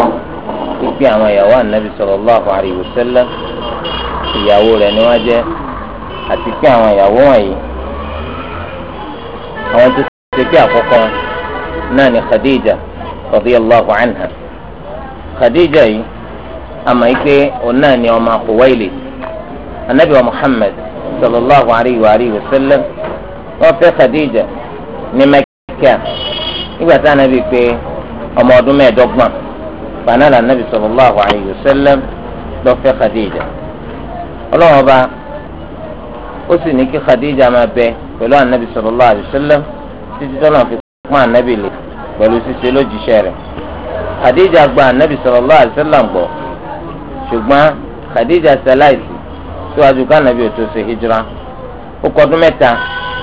gbọ́ wípé àwọn ìyàwó ànábì sallallahu alaihi wasallam ìyàwó rẹ̀ ni wọ́n jẹ́ àti pé àwọn ìyàwó wọ̀nyí àwọn tó ṣe pé àkọ́kọ́ náà ni Khadija radiyallahu anha Khadija yìí àmọ́ ìpè òun náà ni ọmọ Khuwailid ànábì wa Muhammad sallallahu alayhi wa alihi wa wọ́n fẹ́ Khadija ní Mẹ́kà nígbà tí ànábì pé ọmọ ọdún mẹ́ẹ̀ẹ́dọ́gbọ̀n fanala nabi sallallahu alayhi wa sallam lọ fẹ́ khadija ọlọ́wọ́n bá ó sì ní kí khadija máa bẹ pẹ̀lú anabi sallallahu alayhi wa sallam títí tọ́lọ̀ fi pọ́n anabi lè pẹ̀lú ṣíṣe lójíṣẹ́ rẹ̀ khadija gba anabi sallallahu alayhi wa sallam gbọ́ ṣùgbọ́n khadija sẹláìsì síwájú kánabi ò tó ṣe hijira ó kọdún mẹ́ta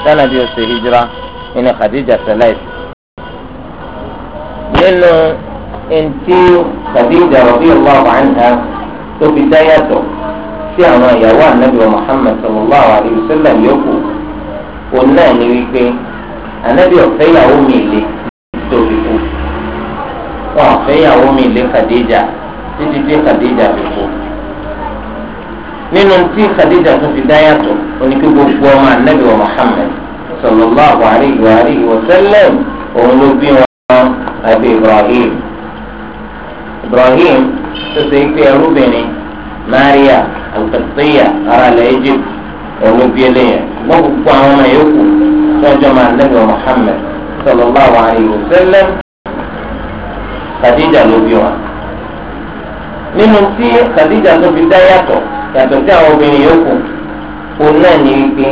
kánabi ò ṣe hijira ìní khadija sẹláìsì nínú ẹnití Khadija radiyallahu anha tó fi dá yàtọ̀ sí àwọn ìyàwó ànábì wa Muhammad sallallahu alayhi wa sallam yòókù òun náà ní wípé ànábì ọ̀fẹ́ ìyàwó mi lè tó fi kú wọn ọ̀fẹ́ ìyàwó mi lè Khadija títí dé Khadija fi kú nínú tí Khadija tó fi dá yàtọ̀ oníkí gbogbo ọmọ ànábì wa Muhammad sallallahu alayhi wa sallam òun ló bí wọn àbí Ibrahim ibrahim tó ṣe é pé ẹrúbìnrin maria alkatiya ara ilẹ̀ egypt òun ló bí eléyẹn wọ́n gbogbo àwọn ọmọ yòókù tọ́jọ́ máa nẹ́bí muhammed sallallahu alayhi wa sallam khadija ló bí wọn. nínú tí khadija tó fi dá yàtọ̀ yàtọ̀ sí àwọn obìnrin yòókù òun náà ní wípé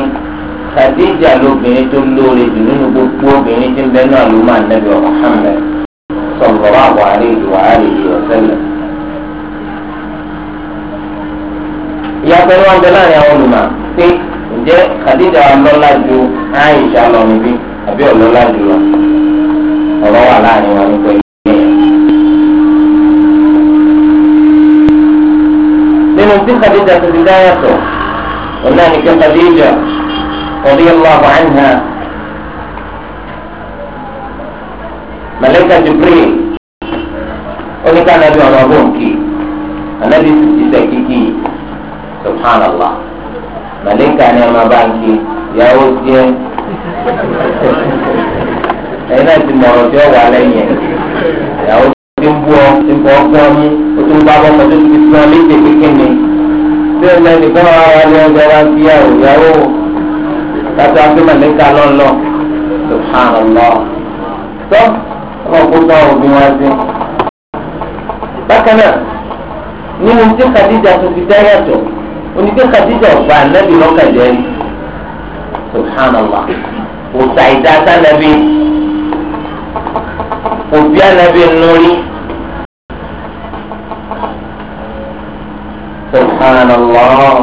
khadija lóbìnrin tó lóore jù nínú gbogbo obìnrin tí ń bẹ náà ló máa nẹ́bí muhammed. صلى الله عليه وآله وسلم ìyá pẹ̀lú wọn bẹ́ẹ̀ láàrin àwọn olùmọ̀ pé ǹjẹ́ Khadija ọlọ́lá ju Aisha lọ níbí àbí ọlọ́lá jù lọ ọ̀rọ̀ wà láàrin wọn nípa ìlú yẹn. nínú tí Khadija ti di dáyàtọ̀ ọ̀nà nìkan ànábì sì ti sẹ kíkì subhanallah màlíkà ni ẹ máa bá ń kí ìyàwó tiẹ ẹyin náà ti mọ̀rọ̀ tí ó wà lẹ́yìn ẹ̀ ìyàwó tí ń bú ọ tí ń bọ́ ọgbọ́n mú ó tún bá bọ́ ọmọ tó ti fi ọ léde kékeré tí ó lẹ́nu kọ́ ara ni ọjọ́ wa bí ẹ̀ òyàwó kátó afi màlíkà lọ́nlọ́ subhanallah tó ọkọ̀ tó ọ̀gbìn wá sí. bákan náà nínú tí Khadija tó fi dá yàtọ̀ oní pé Khadija ọgbà anabi lọkàjẹ rí subhanallah òtà ìdáta nàbí òbí anabi nùrí subhanallah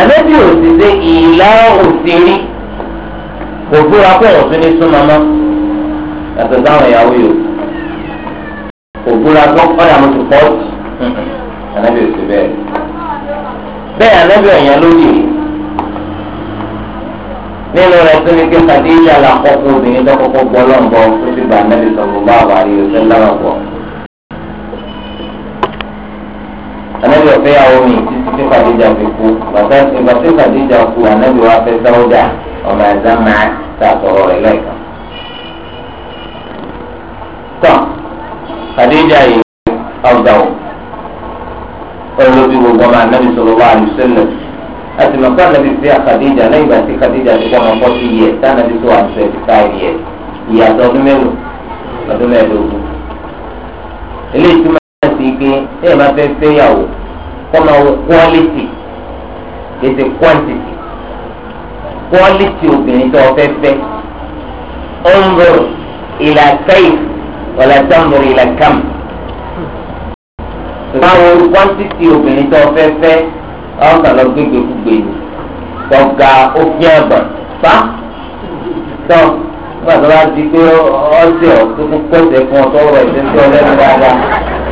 anabi òsìsẹ ìlà òsìrí òbúra pé òtún ní súnmọ́ mọ́ yàtọ̀ sáwọn ìyàwó yòókù òbúra gbọ́ ọ̀dà mo ti pọ̀ ànábì ò sí bẹ́ẹ̀ bẹ́ẹ̀ ànábì ọ̀yàn lóye nínú rẹ̀ tó ní kí Khadija la kọ́kọ́ obìnrin tó kọ́kọ́ gbọ́ lọ́ngbọ́ tó ti gba ànábì sọ̀rọ̀ bá wà á yọ sẹ́lá wà pọ̀ ànábì ọ̀fẹ́ yàwó mi títí tí Khadija fi kú bàtà tí Khadija kú ànábì wa fẹ́ Sáwọ́dà ọmọ ẹ̀dá máa ta sọ̀rọ̀ rẹ̀ lẹ́ẹ̀kan. Khadija yìí ọ̀dà o olóbi gbogbo ọmọ anabi sallallahu alaihi wasallam àti màkà anabi fi Khadija lẹ́yìn ìgbà tí Khadija ti kọ́mọ fọ́ sí yẹ tá anabi tó wà ní twenty five yẹ ìyàtọ̀ ọdún mẹ́rin ọdún mẹ́ẹ̀ẹ́dógún eléyìí tó máa ti gbé ẹ̀yẹ máa fẹ́ fẹ́ yàwó kọ́mọ quality ètè quantity quality obìnrin tó fẹ́ fẹ́ ọ̀nbọ̀rọ̀ ìlà wala tanzur ila kam. báwo kwantiti obìnrin tó fẹ́ fẹ́ ọ̀hún kan lọ gbégbé gbogbo èyí tọ́ga òfin àgbà fa tọ́ nígbà tó bá di pé ọ̀sẹ̀ ọ̀tún pẹ̀sẹ̀ fún ọ̀tọ̀ ọ̀rọ̀ ẹ̀sẹ̀ tí ọlẹ́nu dáadáa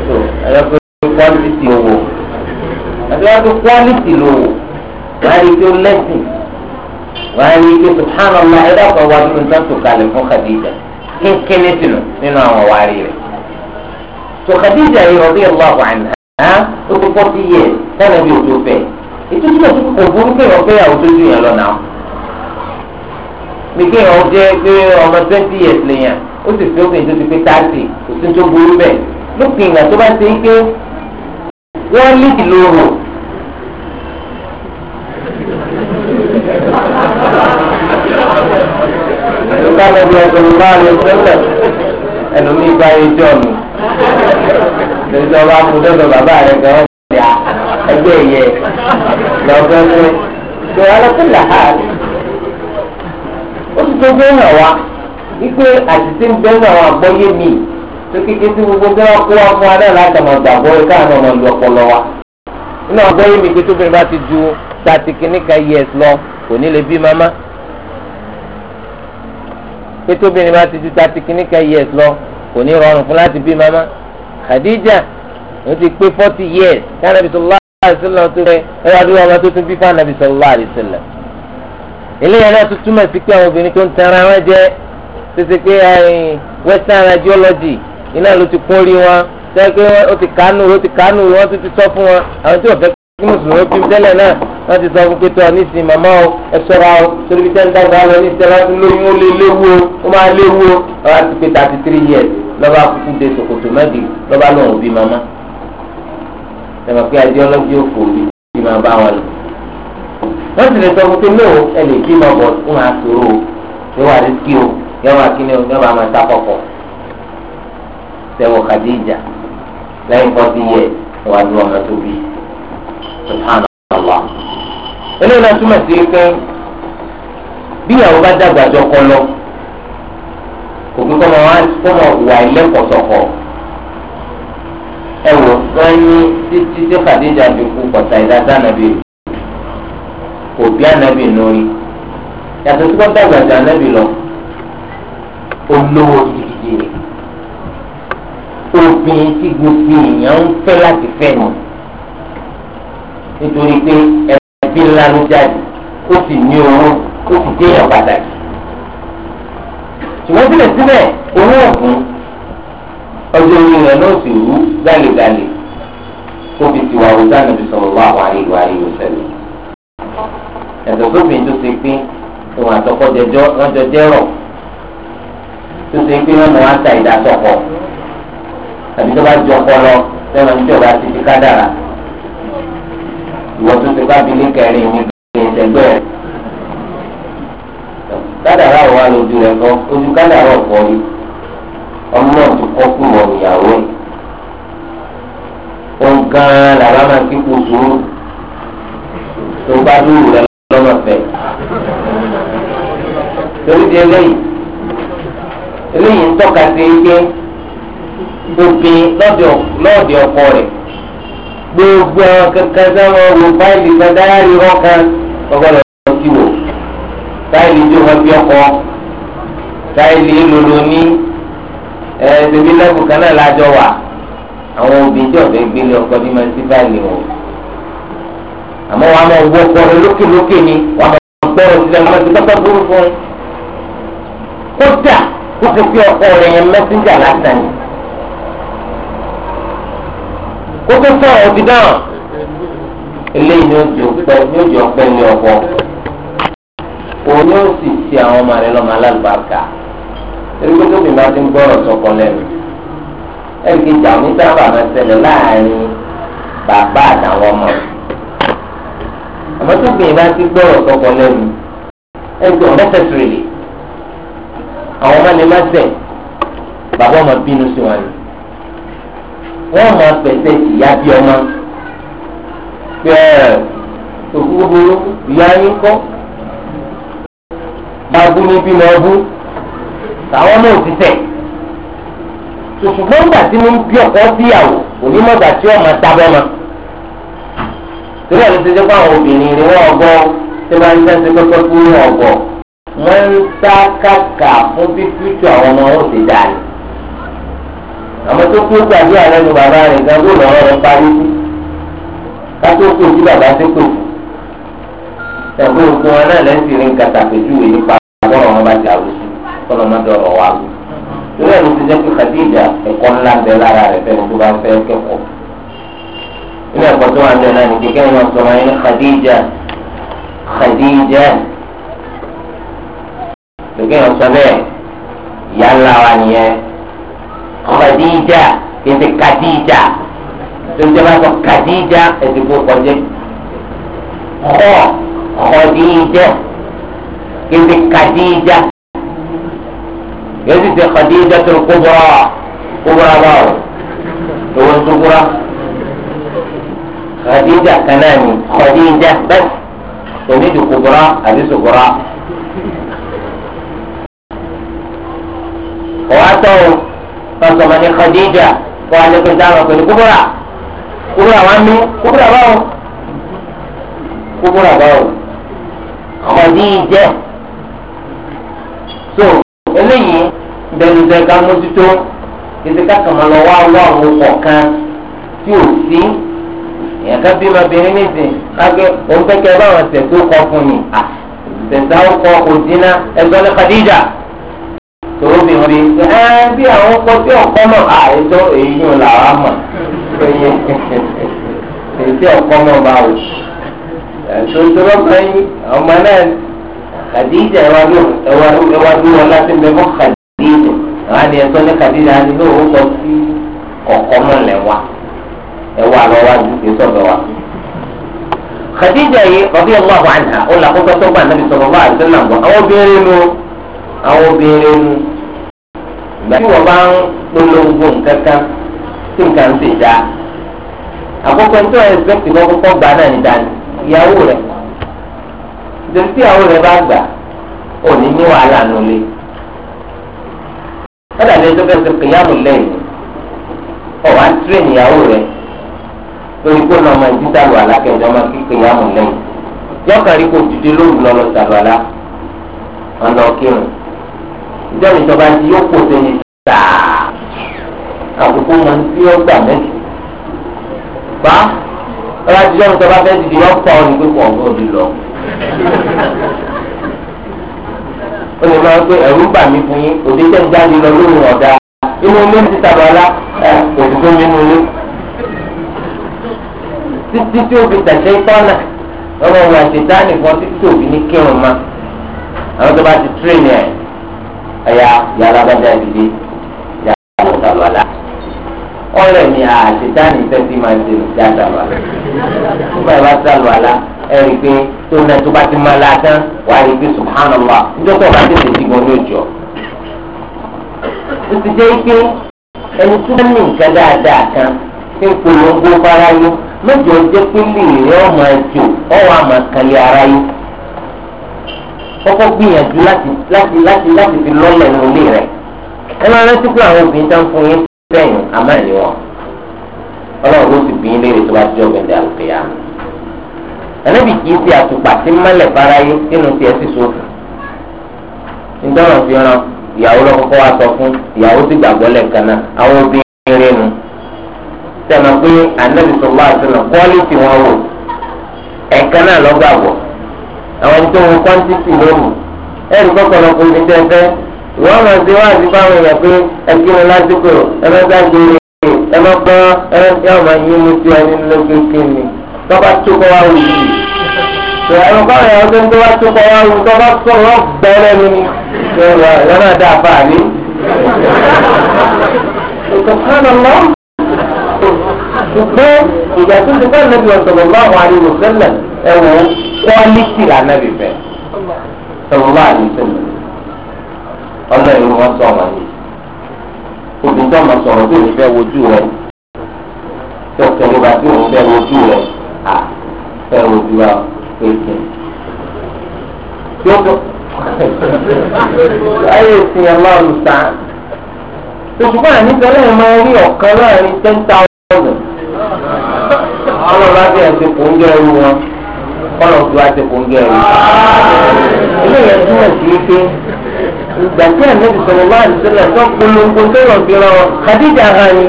tó ẹ̀rọ pé kwantiti owó àti wọ́n ti kwaliti lówó wọ́n á rí pé lẹ́sìn wọ́n á rí pé subhanallah ẹ̀dá kan wá nínú sọ́tò kalẹ̀ fún Khadija kínkínní sínú nínú àwọn wárí rẹ̀. tó Khadija yìí radiyallahu anha ó ti pọ́ sí yẹ sẹ́nà bí òjò fẹ́ ètò tí wọ́n ti kò burú kéèyàn fẹ́ yàwó tó ju yẹn lọ náà. mi kéèyàn jẹ́ pé ọmọ twenty years lèèyàn ó sì fi obìnrin tó ti pé thirty kò sí tó burú bẹ́ẹ̀ lópin ìgbà tó bá ṣe é pé wọ́n lé ìlú rò ànábì ọ̀sọ̀rọ̀ àlè sẹ́lẹ̀ ẹlòmí gba ẹjọ́ mi lójú ọba akudọ́dọ̀ bàbá rẹ̀ gan ọ́ bẹ̀rẹ̀ ẹgbẹ́ ẹ̀yẹ lọ́gbẹ́sẹ̀ tó alákùnlá ha ó ti gbogbo hàn wá wípé àtìsí ń bẹ́ẹ̀ náà àgbọ́yé mi tó kékeré tí gbogbo bí wọ́n kó wá fún adé aládàmọ̀ gbàgbọ́ ẹ̀ káàánú ọmọ ìlú ọpọlọ wa nínú àgbọ́yé mi pé tóbi bá ti ju tàtìkì níka yẹs lọ kò ní lè bí mama pé tóbìnrin bá ti ju thirty kìíní kan years lọ kò ní rọrùn fún láti bí mama Khadija ó ti pé forty years kí anabi sọlá àdìsílẹ̀ tó rẹ ẹ wá dúró ọmọ tó tún bí fún anabi sọlá àdìsílẹ̀ eléyàn náà tún túmọ̀ sí pé àwọn obìnrin tó ń tan ara wọn jẹ ṣẹṣẹ pé western radiology iná ló ti kún rí wọn sẹ́yìn pé ó ti kánú ó ti kánú wọ́n tún ti sọ fún wọn àwọn tí wọ́n fẹ́ kí mùsùlùmí bí tẹ́lẹ̀ náà wọ́n ti sọ fún pété ọ nísìnyí màmá o ẹ sọ́ra o torí bí sẹ́ńtà ọ̀gá lọ nísìnyí ẹ̀rọ ti lóyún ó lé léwu o ó máa léwu o ọ̀rọ̀ àti pété àti three years lọ́ba kúkú de sòkòtò mẹ́bí lọ́ba lọ́hùn òbí màmá tẹ̀mọ̀ pé ideology òfò òbí bí máa bá wọn lọ. wọ́n sì lè sọ fún pé no ẹ lè bí mọ̀ bọ̀ máa sòrò o yóò wá rí kí o yóò máa kí ni o yóò máa sá kọ̀kọ̀ sẹ́wọ̀n Khadija lẹ́yìn fọ́tí yẹ wà ní ọmọ tó bí subhanallah eléyìí náà túmọ̀ sí pé bí ìyàwó bá dàgbà jọkọ lọ kò kí kọ́mọ wá kọ́mọ wà ilẹ̀kọ̀ sọ̀kọ ẹ wò wọ́n ní títí tí Khadija fi kú kọ̀tà ìdájá nàbí kò bí ànábì lórí yàtọ̀ tí wọ́n dàgbà jù ànábì lọ olówó gidigidi rẹ̀ obìnrin tí gbogbo èèyàn ń fẹ́ láti fẹ́ nù nítorí pé ẹ ẹbí ńlá ló jáde ó sì ní owó ó sì déyàn pàtàkì ṣùgbọ́n síbẹ̀síbẹ̀ owó ọ̀gbìn ọjọ́ orí rẹ̀ náà sì wú gálẹ̀gálẹ̀ ó fi tiwa ọ̀dà nàbí sọ̀rọ̀ wá àwọn àríwá àríwá sẹ́lẹ̀ ẹ̀sọ̀ sófin tó ṣe pé òun àtọkọ jẹjọ lọ́jọ́ jẹ́rọ̀ tó ṣe pé wọ́n mọ̀ wá ta ìdásọ̀kọ̀ tàbí tó bá jọ ọpọlọ lẹ́nu ọjọ́ bá ti fi kádàrà ìwọ tó ti bá abilé kẹrin mi kẹrin ìtẹgbẹ rẹ kádàrá wa lójú rẹ kọ ojú kádàrá ọkọ rí ọmọ náà ti kọ fún ọmọ ìyàwó ẹ wọn gan làbá máa kí kó sùúrù tó bá dúró rẹ lọ́nà fẹ́ torí di eléyìí eléyìí ń tọ́ka sí ike obìnrin lọ́ọ̀dì ọkọ rẹ̀ gbogbo àwọn kankan sáwọn wo fáìlì kan dáyàrí rọ́kan ọgbọ́dọ̀ kí wò fáìlì tó hàn bí ọkọ fáìlì lòlò ní ẹ̀ẹ́dẹ̀bí lẹ́kùn kan náà lájọ wà àwọn obìnrin tí ọ̀fẹ́ gbélé ọkọ ní máa ń sí fáìlì wọn àmọ́ wàá máa wọ ọkọ rẹ lókèlókè ni wàá máa gbọ́rọ̀ sílẹ̀ wàá máa ti tọ́tọ́ burú fún un kódà kó ti fi ọkọ rẹ yẹn mẹ́síńjà lásán yìí. ó tó tọ̀ ó ti dáhùn eléyìí ni ó jẹ ọpẹ́ ni ó jẹ ọpẹ́ ní ọ̀pọ̀ òun ni ó sì ti àwọn ọmọ rẹ lọ́mọ alálùbáàkà torí pé tóbi máa ti ń gbọ́rọ̀ sọkọ lẹ́nu ẹnìkejì àwọn oníṣàbà máa ṣẹlẹ̀ láàrin bàbá àtàwọn ọmọ àmọ́ tóbi máa ti gbọ́rọ̀ sọkọ lẹ́nu ẹnìkejì unnecessarily àwọn ọmọ ni máa ṣẹ̀ bàbá ọmọ bínú sí wọn ni wọ́n máa fẹsẹ̀ ìyá bí ọmọ bẹ́ẹ̀ òkú búburú ìyá yín kọ́ bagún ní bímọ ọdún táwọn náà ti tẹ̀ ṣùgbọ́n nígbà tí mo ń bí ọ̀pọ̀ síyàwó onímọ̀gbà tí ọmọ dábọ́ ma torí àti ṣe jẹ́ pé àwọn obìnrin ni wọ́n ọgbọ́ tí wọ́n ń tẹ́sí pẹ́pẹ́ fún ọgbọ́ wọ́n ń sá kàkà fún bí fíjọ àwọn ọmọ wọn ò ti dáa yìí àmọ́ tó kú pàdé àlẹ́ nu bàbá rẹ̀ gan bó lọ́rọ́ rẹ̀ parí sí kátó kú sí bàbá tó kù tẹ̀gbọ́n òkú wọn náà lẹ́sìn rí nǹkan tàpéjúwe nípa àbọ̀rọ̀ wọn bá ti àwùjọ kọ́nà má dọ̀rọ̀ wá lù torí ẹ̀rù ti jẹ́ pé Khadija ẹ̀kọ́ ńlá bẹ lára rẹ̀ fẹ́ni tó bá fẹ́ kẹ́kọ̀ọ́ nínú ẹ̀kọ́ tó wà ń bẹ náà ní kékeré wọn sọ wọn ní Khadija Khadija kékeré wọn sọ bẹ́ẹ̀ ìyá ńlá nìyẹn. Khadija kì í ṣe Khadija tó ń jẹba sọ Khadija ẹ̀dìgbò kọjá kọ́ Khadija kì í ṣe Khadija yóò sì ṣe Khadija tó Kubra Kubra báwò lówó tó Kubra Khadija kan náà ni Khadija bẹ́ẹ̀ onídìí Kubra wọn sọmọ ní Khadija wọn alẹ́kùn dáhùn pẹ̀lú kúbúrà kúbúrà wọn mú kúbúrà báwo kúbúrà báwo Khadija so eléyìí dẹnudẹ ká mójútó títí kákan máa lọ wá wá àwọn kọ̀ọ̀kan tí ò sí èèyàn ká bí ma bìnrin nísìn káké òun fẹ́ báwọn ṣẹ̀ tó kọ́ fún mi à ṣẹ̀ṣẹ̀ ó kọ́ òdínà ẹgbẹ́ ní Khadija mi rí ẹ bí àwọn ọkọ tí ọkọ náà àìjọ èyí ò làwọn mọ̀ èyí tí ọkọ náà bá wò ẹ̀sọ́sọ́rọ́ báyìí ọmọ náà kàdíjà ẹwàdú wọn láti bẹ fún kàdíjà àwọn àni ẹ̀sọ́ ní kàdíjà á ní ní òun sọ sí ọkọ náà lẹ́wà ẹwà lọ́wọ́dù kì í sọ̀bẹ̀ wá. kàdíjà yìí ọbí ọmọ àwọn àná ó làkókò tó gbà nàbì sọ̀rọ̀ bá àti sẹ́nà gbọ́ àwọn obìnrin nu àwọn obìnrin nu gbẹ́ni wọ́n bá ń polongo nǹkan kan tí nǹkan ń ṣèjà àkókò tó ẹ̀ ṣẹ́kì lọ́kọ́ kọ́ gbà náà ní dání ìyàwó rẹ̀ nítorí tí ìyàwó rẹ̀ bá gbà ò ní ní wàhálà nulẹ̀ kọ́dà ní ẹjọ́ bẹ́ẹ̀ ṣe kìyàmù lẹ́yìn ọ̀ wá tírẹ̀ ìyàwó rẹ̀ lórí kó nà ọmọ ẹ̀jí dàlù àlákẹ́ ọ̀dọ́ máa kí kìyàmù lẹ́yìn yọkàrí kò dìde lóru lọ́lọ́ sàlù ọ̀nà ọ̀kírun ìjọba ìjọba ti yóò pò sẹ́yìn tàà àkókò mọ tí ó gbà mẹ́sì. bá ọlá ti jọ́nu tọ́ba fẹ́ dìde yọ pa ọ ní pípọ̀ ọ̀gbọ́n òbí lọ. ó lè máa ń pé ẹ̀rú bà mí fún yín òde tẹ̀ ń jáde lọ lóhùn ọ̀dà inú ilé ti tàbí ọlá kò sí fún mi nínú ilé. títí tí ó tẹ̀sẹ̀ tọ́nà ọmọ ìwà ṣètánì kan títí òbí ní kírun ma àwọn tó bá ti tírè ní ẹ̀ ẹ̀yà yàrá bá dá ìdílé yàrá ló sàlọ̀ àlá. ọ̀rẹ́ mi àṣetánì tẹ́tí máa ń ṣe ìjà sàlọ̀ àlá. nígbà yàrá sàlọ̀ àlá ẹ rí pé tó nà tó bá ti máa la tán wà á rí pé subhanallah níjọ́ tó bá tètè sí gan ní òjò. ó ti jẹ́ pé ẹni tó bá ní nǹkan dáadáa kan ṣé ń polongo fáráyé mẹ́jọ jẹ́ pé lè rí ọmọ ẹjọ́ ọwọ́ àmọ̀ aráyé kọ́kọ́ gbìyànjú láti láti láti láti fi lọ́lẹ̀ ní orí rẹ̀ ẹ máa rántí pé àwọn obìnrin tá ń fún yín sẹ́yìn àmọ́ ẹ̀ ní wọn ọlọ́run ló sì bí yín léèrè tó bá jọ gbẹ̀dẹ̀ àlùkìyà ẹ̀nẹ́bì kìí ṣe àtùpà tí mọ́lẹ̀ báráyé nínú tiẹ̀ sì sófin nítorí fi ran ìyàwó lọ́kọ́kọ́ wa sọ fún ìyàwó sì gbàgbọ́ lẹ́ẹ̀kan náà àwọn obìnrin rẹ̀ nù sẹ́nu pé ànábì sọ̀rọ̀ àti nà kọ́ọ́lì tí wọ́n wò ẹ̀ẹ̀kan náà lọ́gbàgbọ́ àwọn ẹni tó ń wo quantity lónìí ẹnì kọ́kọ́ lọ kó ibi tẹ́tẹ́ ìwọ́n máa ṣe wá àti fáwọn èèyàn pé ẹ kí ni lásìkò ẹ má gbàgbére ẹ má gbọ́ ẹ má fi àwọn yín mú sí ẹni lókèké ni tọ́ba tó kọ́ wá wù yìí ẹ̀rọ báwọn èèyàn tó ń tó wá tó kọ́ wá wù tọ́ba tó wọ́n gbẹ́rẹ́ mi ni ẹ má dá àbá mi. ìtọ́kánná ṣùgbọ́n ìgbà tó ti bá nàbí ọ̀sọ̀rọ̀ bá wà ní mùsùlùmí ẹ̀wọ̀n quality la fẹ́ sọlọ́lá àdìsẹ́lẹ̀ ọ̀nà ìlú wọn sọ wọn obìnrin tó ọmọ sọ̀rọ̀ tó ní fẹ́ wojú rẹ̀ tó kẹrù bá tó ní fẹ́ wojú rẹ̀ à fẹ́ wojú wa pèsè. ayé ìsìn ọlọ́run sáà òṣùpá àníkẹ́lẹ́ máa rí ọ̀kan láàrin ten thousand ọlọ́run á bí ẹ̀ kò ń jẹ́ ẹrú wọn kọ́nà òfin wa ti kún gẹ̀ẹ́rù. ilé yẹn túmọ̀ sí pé ìgbà tí àmì ìsọ̀rọ̀ máa ń sílẹ̀ tó polongo tó lọ fi rán Khadija hàn ni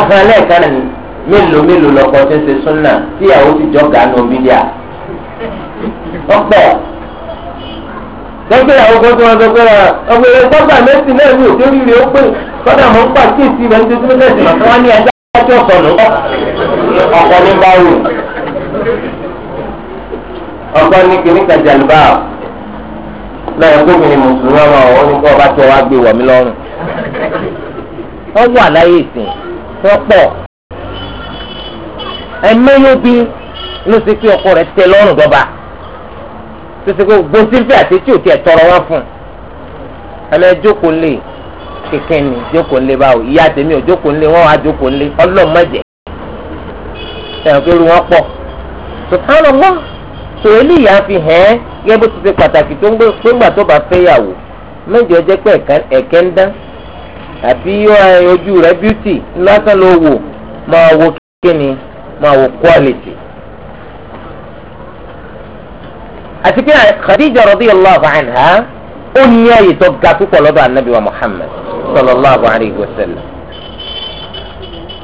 ọkàn lẹ́ẹ̀kan ni mélòó mélòó lọkọ tó ṣe súnà tíyàwó ti jọ gàánù bídíà. ọ̀pọ̀ dókítà ọgbọ́n tó wọn dókítà ọgbọ́n èrè tọ́gbà mẹ́sìn náà ní òjò rírì ó pé kọ́dà mọ́ pàkíyèsí rẹ̀ ń tẹ́tí mẹ́sìn àti wọ́n ní ẹja tó sọ̀nù ọ̀pọ̀ ní báwò ọgbọ́n ní kíní kan jàlùbá lọ́yọ̀ gómìnà mùsùlùmí ọmọ òun ní kó ọba tó wá gbé wọ̀ mí lọ́rùn. wọ́n wà láyé ìsìn wọ́n pọ̀ ẹ̀mẹ́yọ́bí ló ṣe pé ọkọ rẹ̀ tẹ lọ́rùn dọ́ba tó ṣe pé gbósífẹ́ àti tí ò tiẹ̀ tọrọ wọn fún un. ẹ̀mẹ́ jókòó lè kékeré ni jókòó lè báwo ìyá tèmi ò jókòó lè wọ́n wá jókòó lè ọlọ́mọdé ẹ̀rọ sọ eléyìí á fi hẹ́n gẹ́gẹ́ bó ti ṣe pàtàkì tó ń gbé pégbà tó bá fẹ́yàwó mẹ́jọ jẹ́ pé ẹ̀kẹ́ ń dán àbí ojú rẹ̀ bíútì lásán ló wò máa wo kíni máa wo quality. àti pé Khadija radiyallahu anha ó ní ààyè tó ga púpọ̀ lọ́dọ̀ anabi wa Muhammad sallallahu alayhi wa sallam.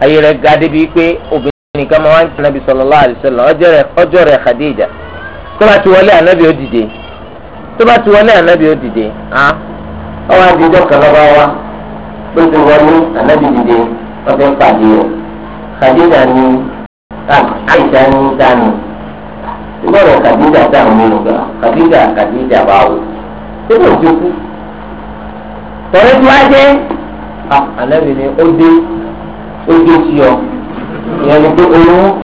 ààyè rẹ̀ ga débi pé obìnrin kan máa ń kí anabi sallallahu alayhi wa sallam ọjọ́ rẹ̀ Khadija tó bá ti wọlé ànábì ó dìde tó bá ti wọlé ànábì ó dìde á. ọwọ́ àdìjọ́ kan lọ́ba wa ó ti wọlé ànábì dìde wọ́n fi ń pàdé o kàdíjà ni àìsà ni dànù ìgbọ́dọ̀ kàdíjà dànù nínú gbà kàdíjà kàdíjà bá wò tó bá ti kú. tọ̀rẹ́ tí wàá jẹ́ ànábì ni ó dé ó dé sí ọ ìyẹn ni pé olówó.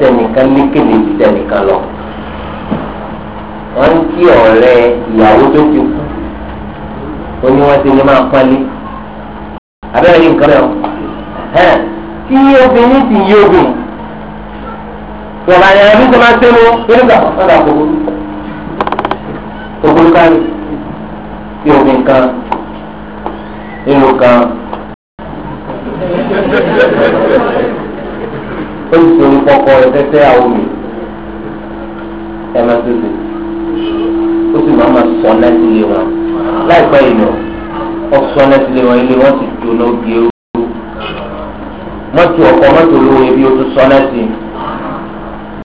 tẹnìkan lékele ju tẹnìkan lọ wọ́n ń kí ọ̀rẹ́ ìyàwó tó ti kú ó ní wọ́n ti ní máa pálí abẹ́rẹ́ ní nǹkan mẹ́wọ́ tí obìnrin ti yí obìnrin yọ̀bá yẹn ẹbí tó máa ń tẹ́lu nígbà ọ̀dà kòkòrò kòkòrò kárí tí obìnrin kan nílùú kan. kọ́kọ́ ẹ̀fẹ́fẹ́ àwọn mi ẹ̀ máa tètè ó sì máa ma sọ náà sí ilé wọn láìpẹ́ ìlọ ọ sọ náà sí ilé wọn ilé wọn sì jóná gé o mọ́tò ọkọ̀ mọ́tò ebi ó tún sọ náà sí